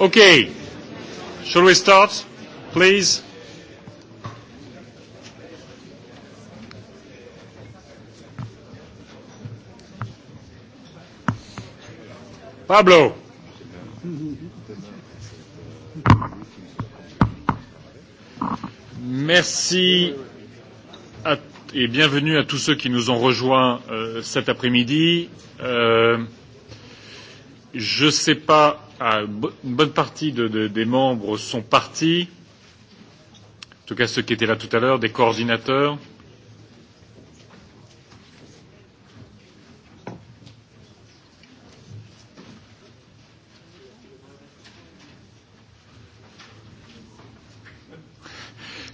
Okay. Shall we start, please? Pablo. Merci à, et bienvenue à tous ceux qui nous ont rejoints euh, cet après-midi. Euh, je ne sais pas ah, une bonne partie de, de, des membres sont partis, en tout cas ceux qui étaient là tout à l'heure, des coordinateurs.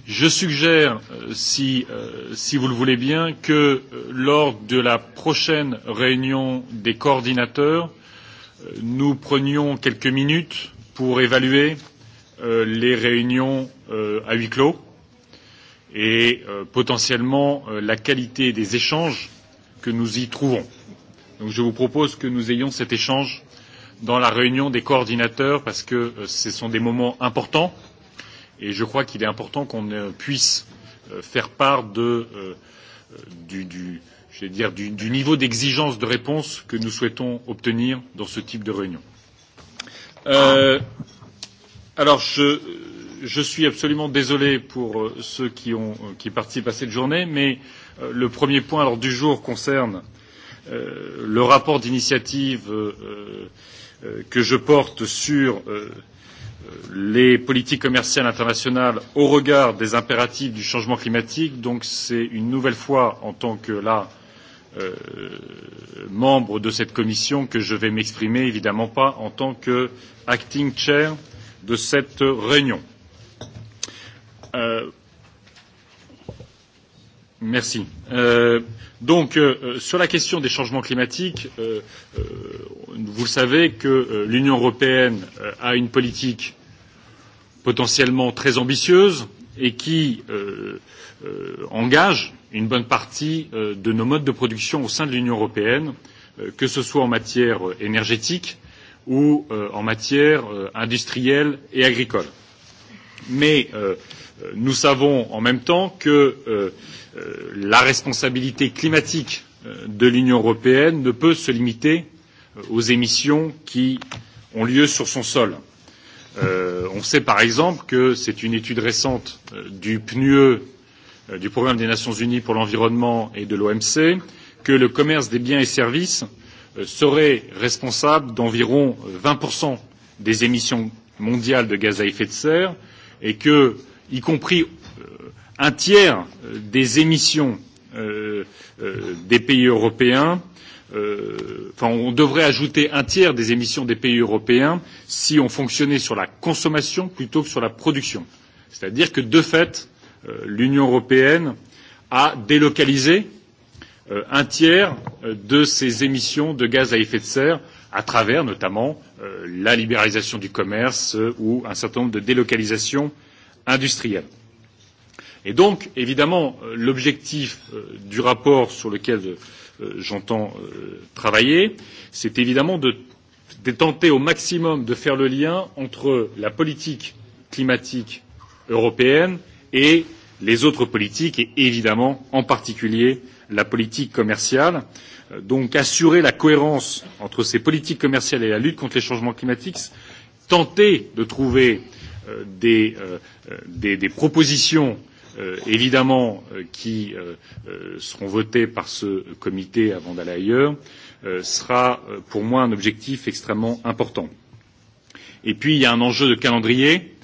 Je suggère, euh, si, euh, si vous le voulez bien, que euh, lors de la prochaine réunion des coordinateurs, euh, nous prenions quelques minutes pour évaluer euh, les réunions euh, à huis clos et euh, potentiellement la qualité des échanges que nous y trouvons. Donc je vous propose que nous ayons cet échange dans la réunion des coordinateurs parce que ce sont des moments importants et je crois qu'il est important qu'on puisse faire part de, du, du, j'allais dire, du, du niveau d'exigence de réponse que nous souhaitons obtenir dans ce type de réunion. Euh, alors, je, je suis absolument désolé pour euh, ceux qui, ont, euh, qui participent à cette journée, mais euh, le premier point alors, du jour concerne euh, le rapport d'initiative euh, euh, que je porte sur euh, les politiques commerciales internationales au regard des impératifs du changement climatique. Donc c'est une nouvelle fois en tant que là euh, Euh, membre de cette commission que je vais m'exprimer évidemment pas en tant que acting chair de cette réunion. Euh, merci. Euh, donc, euh, sur la question des changements climatiques, euh, euh, vous le savez que euh, l'Union européenne euh, a une politique potentiellement très ambitieuse et qui euh, euh, engage euh, une bonne partie euh, de nos modes de production au sein de l'Union européenne, euh, que ce soit en matière euh, énergétique ou en matière industrielle et agricole. Mais nous savons en même temps que la responsabilité climatique de l'Union européenne ne peut se limiter aux émissions qui ont lieu sur son sol. Euh, on sait par exemple que c'est une étude récente euh, du PNUE Euh, du programme des Nations Unies pour l'environnement et de l'OMC que le commerce des biens et services euh, serait responsable d'environ 20% euh, des émissions mondiales de gaz à effet de serre et que, y compris un tiers des émissions des pays européens, enfin on devrait ajouter un tiers des émissions des pays européens si on fonctionnait sur la consommation plutôt que sur la production. C'est-à-dire que, de fait, euh, Euh, l'Union européenne a délocalisé euh, un tiers euh, de ses émissions de gaz à effet de serre à travers notamment la libéralisation du commerce ou un certain nombre de délocalisations industrielles. Et donc, évidemment, l'objectif du rapport sur lequel j'entends travailler, c'est évidemment de, de tenter au maximum de faire le lien entre la politique climatique européenne et les autres politiques et évidemment en particulier la politique commerciale. Euh, donc assurer la cohérence entre ces politiques commerciales et la lutte contre les changements climatiques, tenter de trouver euh, des, euh, euh des, des propositions euh, évidemment euh, qui euh, euh, seront votées par ce comité avant d'aller ailleurs euh, sera pour moi un objectif extrêmement important. Et puis il y a un enjeu de calendrier euh,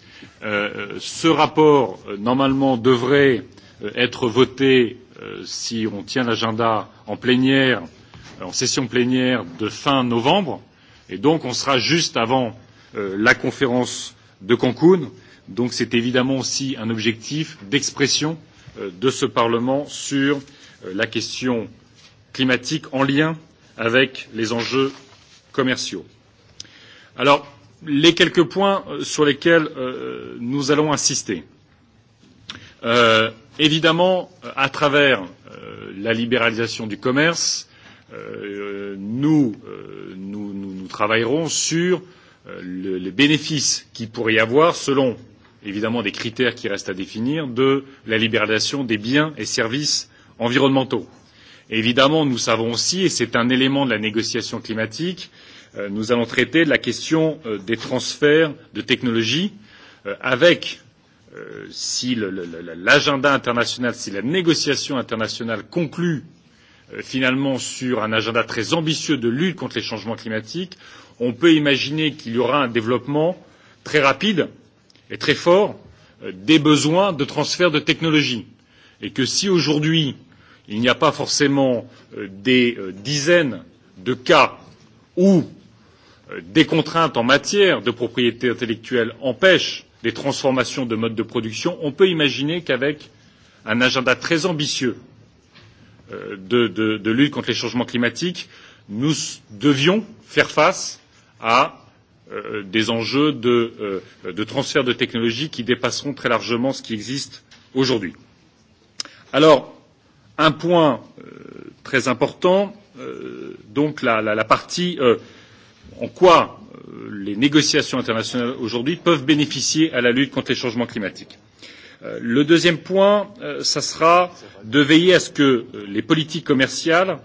Euh, ce rapport euh, normalement devrait euh, être voté si on tient l'agenda en plénière en session plénière de fin novembre et donc on sera juste avant la conférence de Cancun donc c'est évidemment aussi un objectif d'expression de ce parlement sur la question climatique en lien avec les enjeux commerciaux. Alors, les quelques points euh, sur lesquels euh, nous allons insister. Euh, évidemment, euh, à travers euh, la libéralisation du commerce, euh, nous, euh, nous, nous, nous travaillerons sur euh, le, les bénéfices qu'il pourrait y avoir, selon évidemment des critères qui restent à définir, de la libéralisation des biens et services environnementaux. Évidemment, nous savons aussi, et c'est un élément de la négociation climatique, euh, Euh, nous allons traiter de la question euh, des transferts de technologies euh, avec, si l'agenda international, si la négociation internationale conclut finalement sur un agenda très ambitieux de lutte contre les changements climatiques, on peut imaginer qu'il y aura un développement très rapide et très fort des besoins de transfert de technologies et que si aujourd'hui il n'y a pas forcément des dizaines de cas où euh, Euh, des contraintes en matière de propriété intellectuelle empêchent les transformations de modes de production, on peut imaginer qu'avec un agenda très ambitieux euh, de, de, de lutte contre les changements climatiques, nous devions faire face à euh, des enjeux de, euh, de transfert de technologies qui dépasseront très largement ce qui existe aujourd'hui. Alors, un point euh, très important, euh, donc la, la, la partie euh, en quoi euh, les négociations internationales aujourd'hui peuvent bénéficier à la lutte contre les changements climatiques. Euh, le deuxième point, ce euh, sera de veiller à ce que les politiques commerciales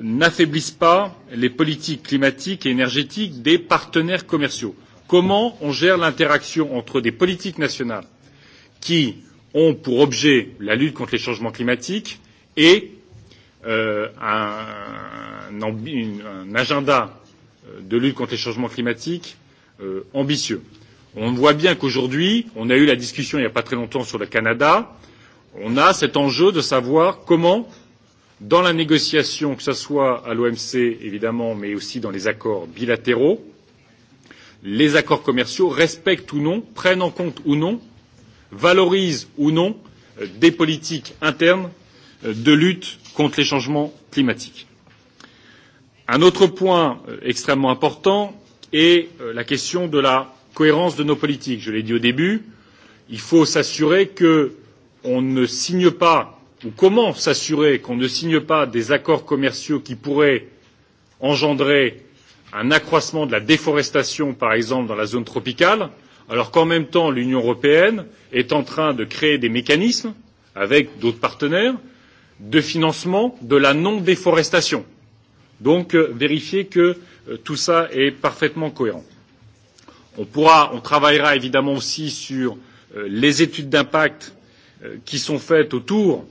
n'affaiblissent pas les politiques climatiques et énergétiques des partenaires commerciaux. Comment on gère l'interaction entre des politiques nationales qui ont pour objet la lutte contre les changements climatiques et euh, un, un, un agenda de lutte contre les changements climatiques euh, ambitieux. On voit bien qu'aujourd'hui, on a eu la discussion il n'y a pas très longtemps sur le Canada, on a cet enjeu de savoir comment, dans la négociation, que ce soit à l'OMC évidemment, mais aussi dans les accords bilatéraux, les accords commerciaux respectent ou non, prennent en compte ou non, valorisent ou non euh, des politiques internes euh, de lutte contre les changements climatiques. Un autre point euh, extrêmement important est euh, la question de la cohérence de nos politiques. Je l'ai dit au début, il faut s'assurer qu'on ne signe pas ou comment s'assurer qu'on ne signe pas des accords commerciaux qui pourraient engendrer un accroissement de la déforestation, par exemple, dans la zone tropicale, alors qu'en même temps, l'Union européenne est en train de créer des mécanismes avec d'autres partenaires de financement de la non déforestation donc euh, vérifier que euh, tout ça est parfaitement cohérent. On pourra, on travaillera évidemment aussi sur euh, les études d'impact qui sont faites autour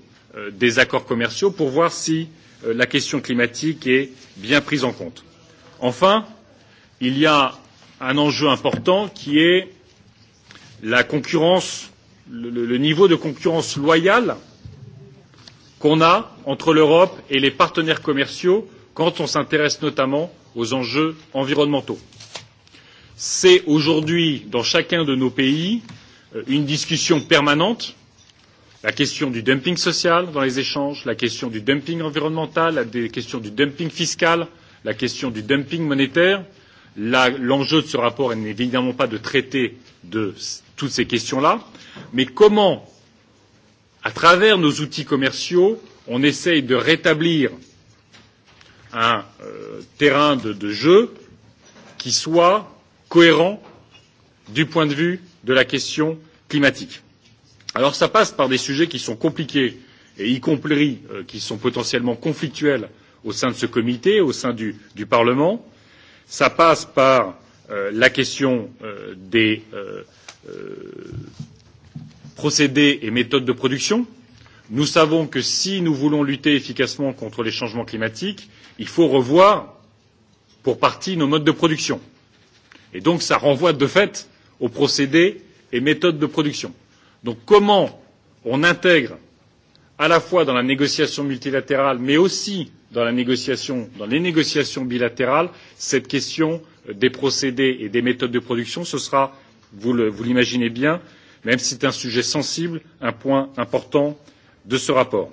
des accords commerciaux pour voir si la question climatique est bien prise en compte. Enfin, il y a un enjeu important qui est la concurrence, le, le niveau de concurrence loyale qu'on a entre l'Europe et les partenaires commerciaux quand on s'intéresse notamment aux enjeux environnementaux. C'est aujourd'hui, dans chacun de nos pays, euh, une discussion permanente la question du dumping social dans les échanges, la question du dumping environnemental, la question du dumping fiscal, la question du dumping monétaire. L'enjeu de ce rapport n'est évidemment pas de traiter de toutes ces questions là, mais comment, à travers nos outils commerciaux, on essaye de rétablir euh, un euh, terrain de, de jeu qui soit cohérent du point de vue de la question climatique. Alors ça passe par des sujets qui sont compliqués et y compris euh, qui sont potentiellement conflictuels au sein de ce comité, au sein du, du Parlement. Ça passe par euh, la question euh, des euh, euh, procédés et méthodes de production. Nous savons que si nous voulons lutter efficacement contre les changements climatiques, il faut revoir pour partie nos modes de production. Et donc, ça renvoie de fait aux procédés et méthodes de production. Donc, comment on intègre à la fois dans la négociation multilatérale, mais aussi dans la négociation, dans les négociations bilatérales, cette question des procédés et des méthodes de production, ce sera, vous l'imaginez bien, même si c'est un sujet sensible, un point important euh, de ce rapport.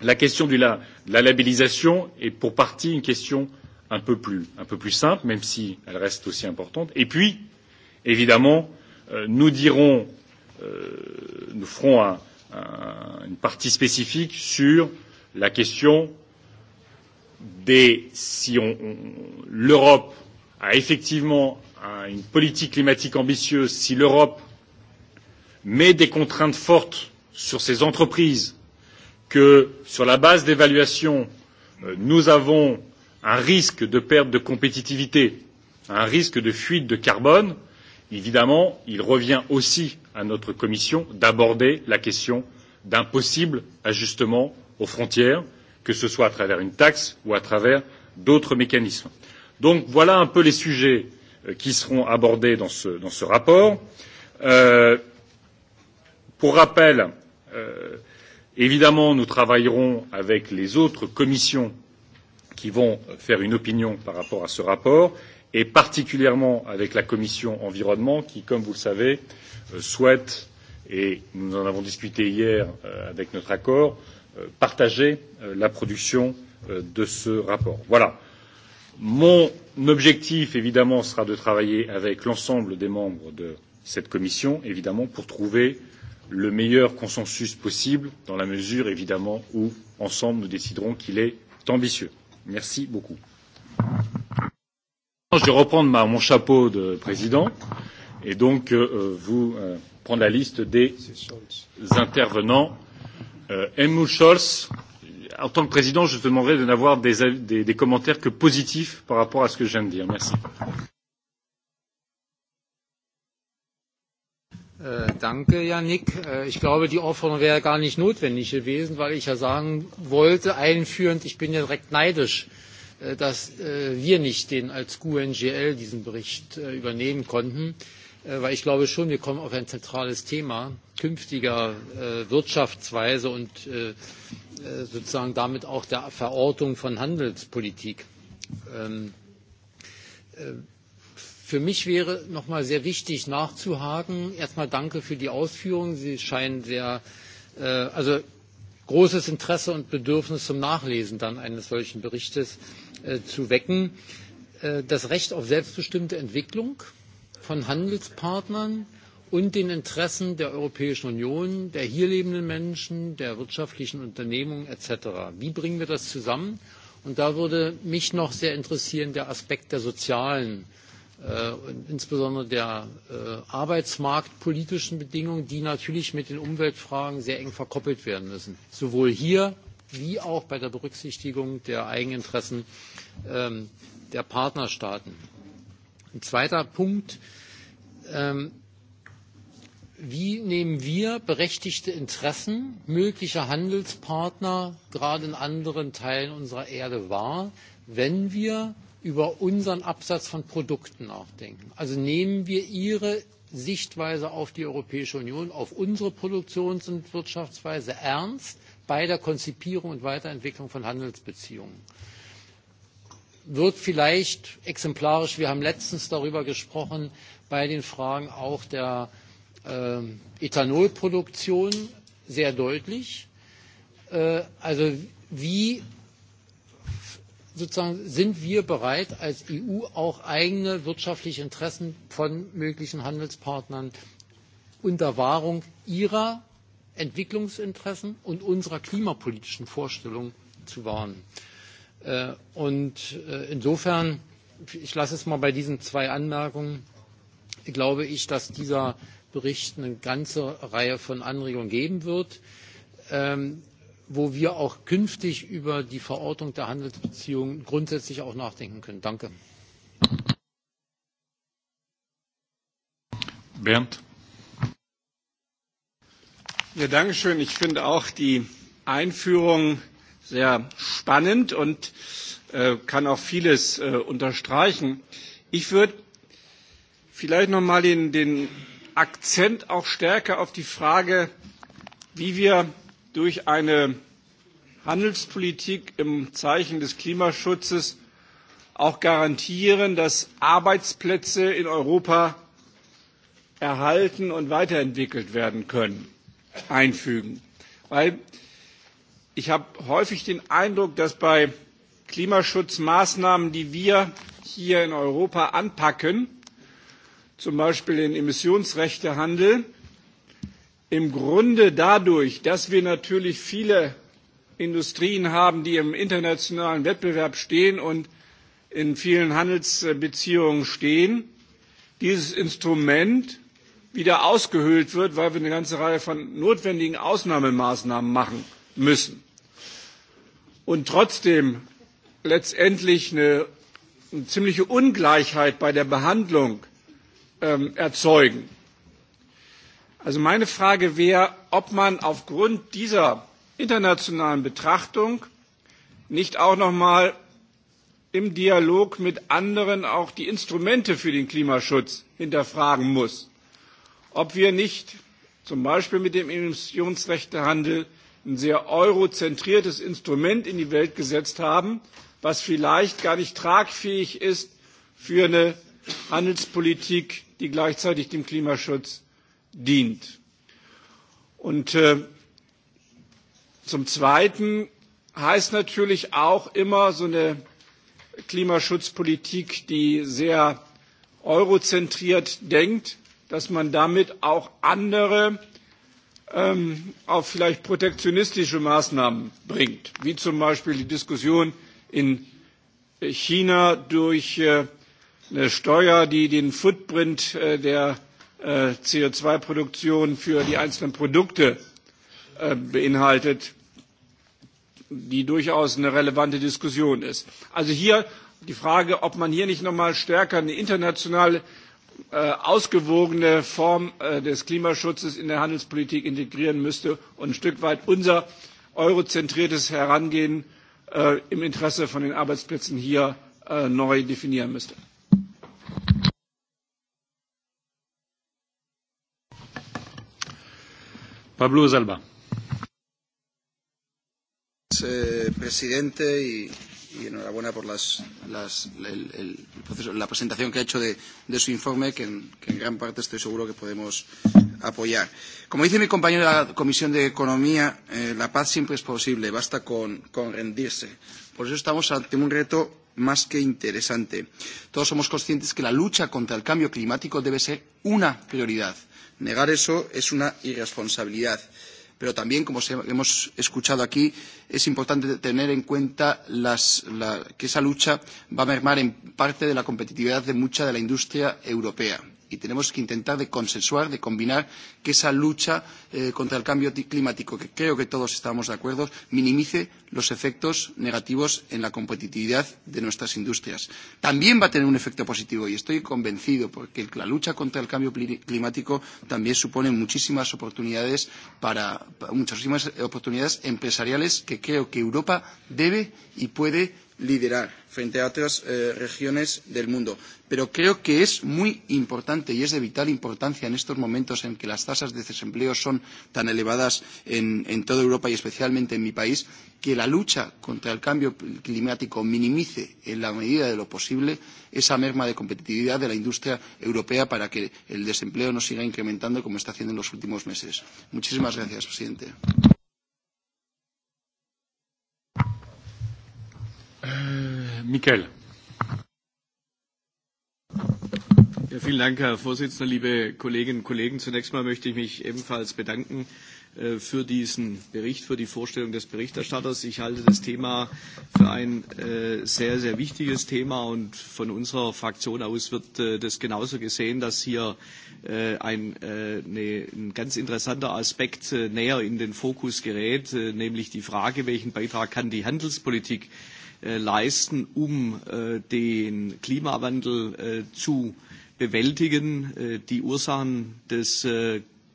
la question de la labellisation est pour partie une question un peu plus simple même si elle reste aussi importante. et puis évidemment euh, nous dirons euh, nous ferons un, un, une partie spécifique sur la question des si on, on, l'europe a effectivement une politique climatique ambitieuse si l'europe met des contraintes fortes sur ces entreprises que, sur la base d'évaluation, euh, nous avons un risque de perte de compétitivité, un risque de fuite de carbone, évidemment, il revient aussi à notre commission d'aborder la question d'un possible ajustement aux frontières, que ce soit à travers une taxe ou à travers d'autres mécanismes. Donc voilà un peu les sujets euh, qui seront abordés dans ce, dans ce rapport. Euh, pour rappel, Euh, évidemment, nous travaillerons avec les autres commissions qui vont faire une opinion par rapport à ce rapport, et particulièrement avec la commission environnement qui, comme vous le savez, euh, souhaite et nous en avons discuté hier euh, avec notre accord euh, partager euh, la production euh, de ce rapport. Voilà. Mon objectif, évidemment, sera de travailler avec l'ensemble des membres de cette commission, évidemment, pour trouver euh, le meilleur consensus possible, dans la mesure, évidemment, où, ensemble, nous déciderons qu'il est ambitieux. Merci beaucoup. Je vais reprendre ma, mon chapeau de président et donc euh, vous euh, prendre la liste des intervenants. Euh, Helmut Scholz, en tant que président, je demanderai de n'avoir des, des, des commentaires que positifs par rapport à ce que je viens de dire. Merci. Äh, danke, Janik. Äh, ich glaube, die Aufforderung wäre gar nicht notwendig gewesen, weil ich ja sagen wollte, einführend, ich bin ja direkt neidisch, äh, dass wir nicht den als QNGL diesen Bericht übernehmen konnten, weil ich glaube schon, wir kommen auf ein zentrales Thema künftiger Wirtschaftsweise und sozusagen damit auch der Verortung von Handelspolitik. Ähm, Für mich wäre noch mal sehr wichtig nachzuhaken. Erstmal danke für die Ausführungen. Sie scheinen sehr, äh, also großes Interesse und Bedürfnis zum Nachlesen dann eines solchen Berichtes äh, zu wecken. Äh, das Recht auf selbstbestimmte Entwicklung von Handelspartnern und den Interessen der Europäischen Union, der hier lebenden Menschen, der wirtschaftlichen Unternehmungen etc. Wie bringen wir das zusammen? Und da würde mich noch sehr interessieren der Aspekt der sozialen äh, Äh, insbesondere der äh, arbeitsmarktpolitischen Bedingungen, die natürlich mit den Umweltfragen sehr eng verkoppelt werden müssen, sowohl hier wie auch bei der Berücksichtigung der Eigeninteressen ähm, der Partnerstaaten. Ein zweiter Punkt ähm, Wie nehmen wir berechtigte Interessen möglicher Handelspartner gerade in anderen Teilen unserer Erde wahr, wenn wir über unseren Absatz von Produkten nachdenken. Also nehmen wir Ihre Sichtweise auf die Europäische Union, auf unsere Produktions- und Wirtschaftsweise ernst bei der Konzipierung und Weiterentwicklung von Handelsbeziehungen. Wird vielleicht exemplarisch, wir haben letztens darüber gesprochen, bei den Fragen auch der äh, Ethanolproduktion sehr deutlich. Äh, also wie sind wir bereit als eu auch eigene wirtschaftliche interessen von möglichen handelspartnern unter wahrung ihrer entwicklungsinteressen und unserer klimapolitischen vorstellungen zu wahren? Äh, äh, insofern ich lasse es mal bei diesen zwei anmerkungen glaube ich dass dieser bericht eine ganze reihe von anregungen geben wird. Ähm, wo wir auch künftig über die Verortung der Handelsbeziehungen grundsätzlich auch nachdenken können. Danke. Bernd. Ja, danke schön. Ich finde auch die Einführung sehr spannend und äh, kann auch vieles äh, unterstreichen. Ich würde vielleicht noch mal den, den Akzent auch stärker auf die Frage, wie wir durch eine Handelspolitik im Zeichen des Klimaschutzes auch garantieren, dass Arbeitsplätze in Europa erhalten und weiterentwickelt werden können, einfügen. Weil ich habe häufig den Eindruck, dass bei Klimaschutzmaßnahmen, die wir hier in Europa anpacken, zum Beispiel den Emissionsrechtehandel, im Grunde dadurch, dass wir natürlich viele Industrien haben, die im internationalen Wettbewerb stehen und in vielen Handelsbeziehungen stehen, dieses Instrument wieder ausgehöhlt wird, weil wir eine ganze Reihe von notwendigen Ausnahmemaßnahmen machen müssen und trotzdem letztendlich eine, eine ziemliche Ungleichheit bei der Behandlung ähm, erzeugen. Also meine Frage wäre, ob man aufgrund dieser internationalen Betrachtung nicht auch noch mal im Dialog mit anderen auch die Instrumente für den Klimaschutz hinterfragen muss. Ob wir nicht zum Beispiel mit dem Emissionsrechtehandel ein sehr eurozentriertes Instrument in die Welt gesetzt haben, was vielleicht gar nicht tragfähig ist für eine Handelspolitik, die gleichzeitig dem Klimaschutz dient. Und äh, zum Zweiten heißt natürlich auch immer so eine Klimaschutzpolitik, die sehr eurozentriert denkt, dass man damit auch andere ähm, auf vielleicht protektionistische Maßnahmen bringt, wie zum Beispiel die Diskussion in China durch äh, eine Steuer, die den Footprint äh, der Äh, co zwei produktion für die einzelnen produkte äh, beinhaltet die durchaus eine relevante diskussion ist. also hier die frage ob man hier nicht noch mal stärker eine international äh, ausgewogene form des klimaschutzes in der handelspolitik integrieren müsste und ein stück weit unser eurozentriertes herangehen im interesse von den arbeitsplätzen hier neu definieren müsste. señor eh, presidente enhorabuena por la presentación que ha hecho de su informe que en gran parte estoy seguro de que podemos apoyar. como dice mi compañero de la comisión de economía eh, la paz siempre es posible basta con rendirse. por eso estamos ante un reto más que interesante. Todos somos conscientes que la lucha contra el cambio climático debe ser una prioridad. Negar eso es una irresponsabilidad. Pero también, como hemos escuchado aquí, es importante tener en cuenta las, la, que esa lucha va a mermar en parte de la competitividad de mucha de la industria europea y tenemos que intentar de consensuar, de combinar que esa lucha eh, contra el cambio climático, que creo que todos estamos de acuerdo, minimice los efectos negativos en la competitividad de nuestras industrias. También va a tener un efecto positivo y estoy convencido porque la lucha contra el cambio climático también supone muchísimas oportunidades para, para muchísimas oportunidades empresariales que creo que Europa debe y puede liderar frente a otras eh, regiones del mundo. Pero creo que es muy importante y es de vital importancia en estos momentos en que las tasas de desempleo son tan elevadas en, en toda Europa y especialmente en mi país, que la lucha contra el cambio climático minimice en la medida de lo posible esa merma de competitividad de la industria europea para que el desempleo no siga incrementando como está haciendo en los últimos meses. Muchísimas gracias, presidente. Ja, vielen Dank, Herr Vorsitzender, liebe Kolleginnen und Kollegen! Zunächst mal möchte ich mich ebenfalls bedanken äh, für diesen Bericht, für die Vorstellung des Berichterstatters. Ich halte das Thema für ein äh, sehr, sehr wichtiges Thema, und von unserer Fraktion aus wird äh, das genauso gesehen, dass hier ein ganz interessanter Aspekt näher in den Fokus gerät, nämlich die Frage, welchen Beitrag kann die Handelspolitik Øh, leisten, um øh, den Klimawandel zu øh, bewältigen. Die Ursachen des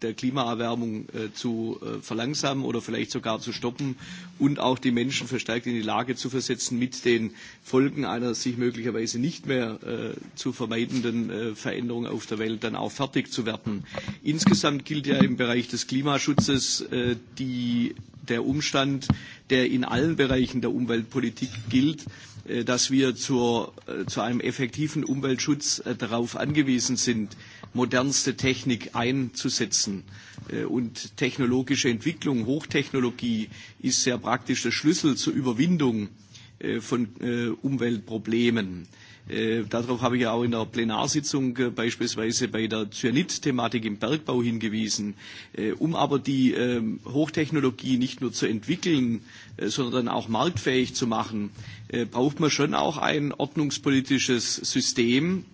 der Klimaerwärmung äh, zu äh, verlangsamen oder vielleicht sogar zu stoppen und auch die Menschen verstärkt in die Lage zu versetzen, mit den Folgen einer sich möglicherweise nicht mehr äh, zu vermeidenden äh, Veränderung auf der Welt dann auch fertig zu werden. Insgesamt gilt ja im Bereich des Klimaschutzes äh, die, der Umstand, der in allen Bereichen der Umweltpolitik gilt, äh, Äh, dass wir zur, äh, zu einem effektiven Umweltschutz äh, darauf angewiesen sind, modernste Technik einzusetzen. Und technologische Entwicklung, Hochtechnologie ist sehr praktisch der Schlüssel zur Überwindung von Umweltproblemen. Äh, darauf habe ich ja auch in der Plenarsitzung äh, beispielsweise bei der Zyanid-Thematik im Bergbau hingewiesen. Äh, um aber die äh, Hochtechnologie nicht nur zu entwickeln, äh, sondern auch marktfähig zu machen, äh, braucht man schon auch ein ordnungspolitisches System,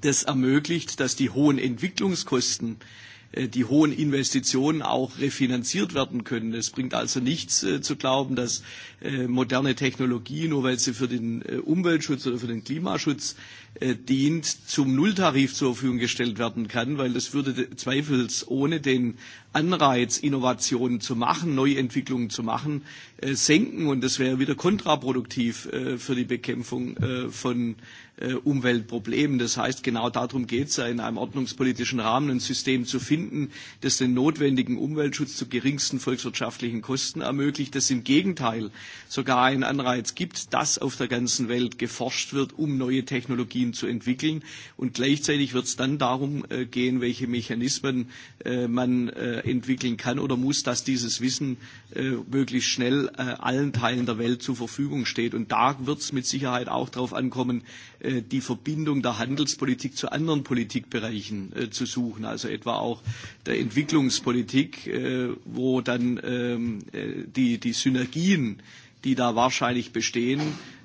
das ermöglicht, dass die hohen Entwicklungskosten äh, Äh, die hohen Investitionen auch refinanziert werden können. Es bringt also nichts äh, zu glauben, dass äh, moderne Technologie, nur weil sie für den Umweltschutz oder für den Klimaschutz dient, zum Nulltarif zur Verfügung gestellt werden kann, weil das würde zweifelsohne den Anreiz, Innovationen zu machen, Neuentwicklungen zu machen, senken. Und das wäre wieder kontraproduktiv für die Bekämpfung von äh, Umweltproblemen. Das heißt, genau darum geht es ja, in einem ordnungspolitischen Rahmen ein System zu finden, das den notwendigen Umweltschutz zu geringsten volkswirtschaftlichen Kosten ermöglicht, das im Gegenteil sogar einen Anreiz gibt, dass auf der ganzen Welt geforscht wird, um neue Technologien zu entwickeln. Und gleichzeitig wird es dann darum äh, gehen, welche Mechanismen äh, man äh, entwickeln kann oder muss, dass dieses Wissen äh, möglichst schnell äh, allen Teilen der Welt zur Verfügung steht. Und da wird es mit Sicherheit auch darauf ankommen, äh, Äh, die Verbindung der Handelspolitik zu anderen Politikbereichen äh, zu suchen, also etwa auch der Entwicklungspolitik, äh, wo dann ähm, äh, die, die Synergien, die da wahrscheinlich bestehen,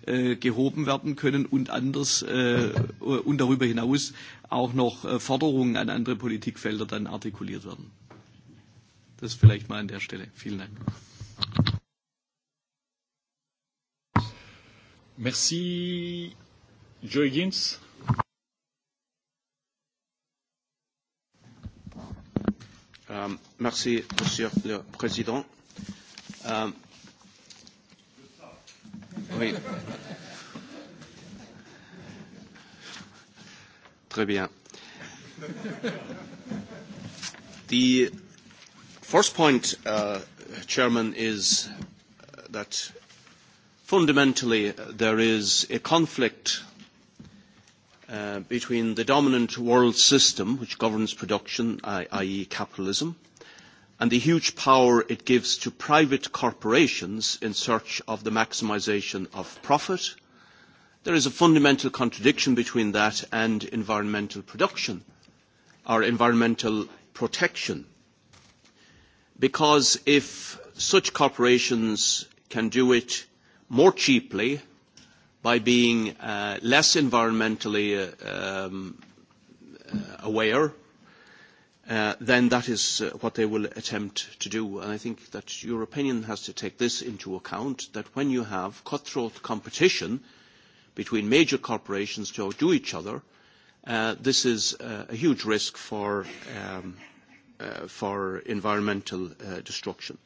äh, gehoben werden können und anders äh, und darüber hinaus auch noch äh, Forderungen an andere Politikfelder dann artikuliert werden. Das vielleicht mal an der Stelle. Vielen Dank. Merci. Joe Higgins. Euh, um, merci, Monsieur le Président. Euh, oui. Très bien. The first point, uh, Chairman, is that fundamentally there is a conflict Uh, between the dominant world system which governs production, i.e. capitalism, and the huge power it gives to private corporations in search of the maximization of profit, there is a fundamental contradiction between that and environmental production or environmental protection. Because if such corporations can do it more cheaply by being uh, less environmentally uh, um, uh, aware, then that is what they will attempt to do. And I think that your opinion has to take this into account, that when you have cutthroat competition between major corporations to outdo each other, this is a huge risk for um, environmental destruction.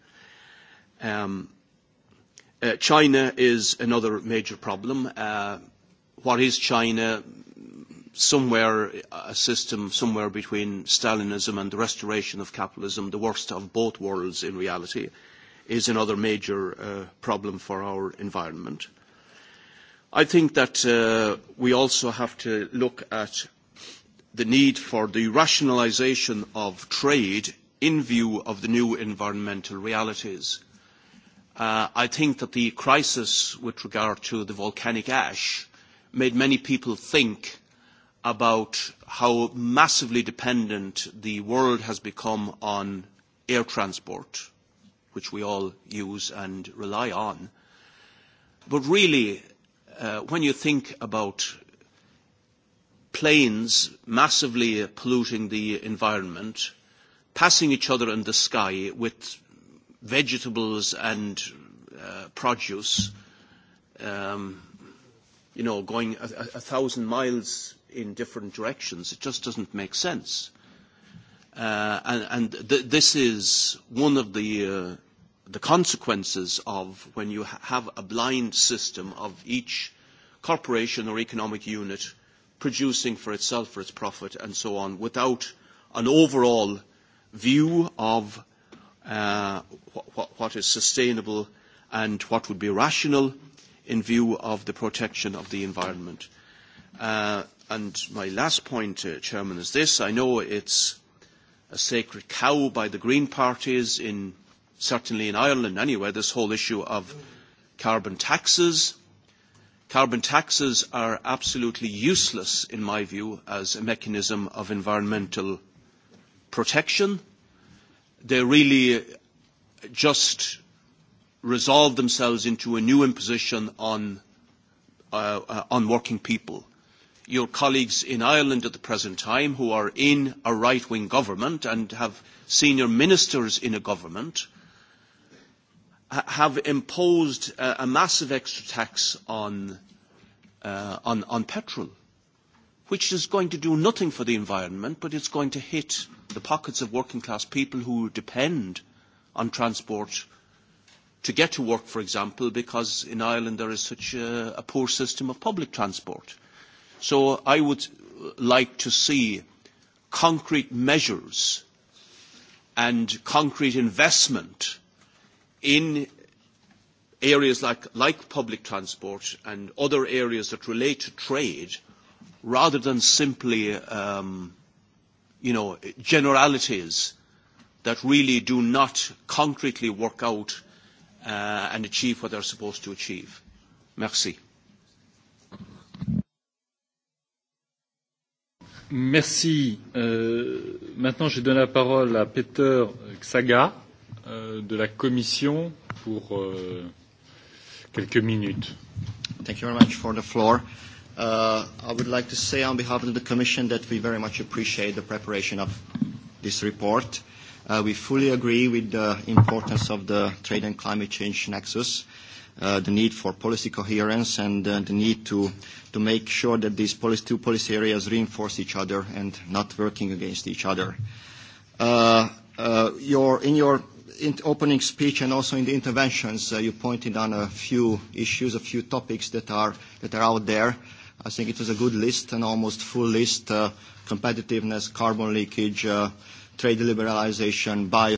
And um, Uh, China is another major problem. Uh, what is China? Somewhere a system somewhere between Stalinism and the restoration of capitalism, the worst of both worlds in reality, is another major uh, problem for our environment. I think that uh, we also have to look at the need for the rationalization of trade in view of the new environmental realities uh, I think that the crisis with regard to the volcanic ash made many people think about how massively dependent the world has become on air transport, which we all use and rely on. But really, uh, when you think about planes massively polluting the environment, passing each other in the sky with vegetables and uh, produce, um, you know, going a, a, a thousand miles in different directions. It just doesn't make sense. Uh, and and th- this is one of the, uh, the consequences of when you ha- have a blind system of each corporation or economic unit producing for itself, for its profit, and so on, without an overall view of uh, uh, wh- what is sustainable and what would be rational in view of the protection of the environment. Uh, and my last point, uh, Chairman, is this. I know it's a sacred cow by the Green parties, in, certainly in Ireland anyway, this whole issue of carbon taxes. Carbon taxes are absolutely useless, in my view, as a mechanism of environmental protection. Uh, they really just resolved themselves into a new imposition on, uh, uh, on working people. Your colleagues in Ireland at the present time, who are in a right wing government and have senior ministers in a government, have imposed a massive extra tax on, uh, on, on petrol which is going to do nothing for the environment, but it's going to hit the pockets of working class people who depend on transport to get to work, for example, because in Ireland there is such a, a poor system of public transport. So I would like to see concrete measures and concrete investment in areas like, like public transport and other areas that relate to trade rather than simply um, you know, generalities that really do not concretely work out uh, and achieve what they're supposed to achieve. Merci. Merci. Euh, maintenant, je donne la parole à Peter Xaga euh, de la Commission pour euh, quelques minutes. Thank you very much for the floor. Uh, Uh, I would like to say on behalf of the Commission that we very much appreciate the preparation of this report. Uh, we fully agree with the importance of the trade and climate change nexus, uh, the need for policy coherence and uh, the need to, to make sure that these policy, two policy areas reinforce each other and not working against each other. Uh, uh, your, in your in opening speech and also in the interventions, uh, you pointed on a few issues, a few topics that are, that are out there. Uh, I think it was a good list, an almost full list, uh, competitiveness, carbon leakage, uh, trade liberalization, bio.